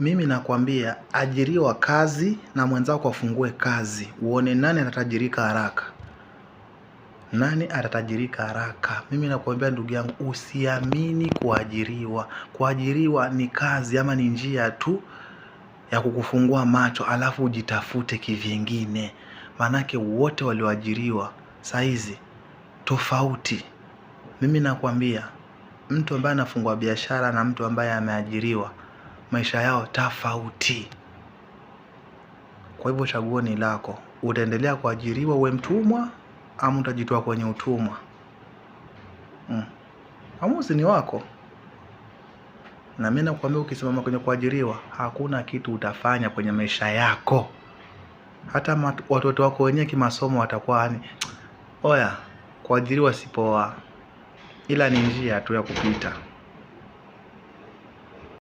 Mimi nakwambia ajiriwa kazi na mwenzako afungue kazi, uone nani atatajirika haraka. Nani atatajirika haraka? Mimi nakwambia ndugu yangu, usiamini kuajiriwa. Kuajiriwa ni kazi ama ni njia tu ya kukufungua macho, alafu ujitafute kivyingine maanake wote walioajiriwa sahizi tofauti. Mimi nakwambia mtu ambaye anafungua biashara na mtu ambaye ameajiriwa maisha yao tofauti. Kwa hivyo chaguo ni lako, utaendelea kuajiriwa uwe mtumwa ama utajitoa kwenye utumwa? Mm. Amuzi ni wako, na mimi nakwambia, ukisimama kwenye kuajiriwa, hakuna kitu utafanya kwenye maisha yako. Hata watoto wako wenyewe kimasomo watakuwa yani, oya, kuajiriwa sipoa, ila ni njia tu ya kupita.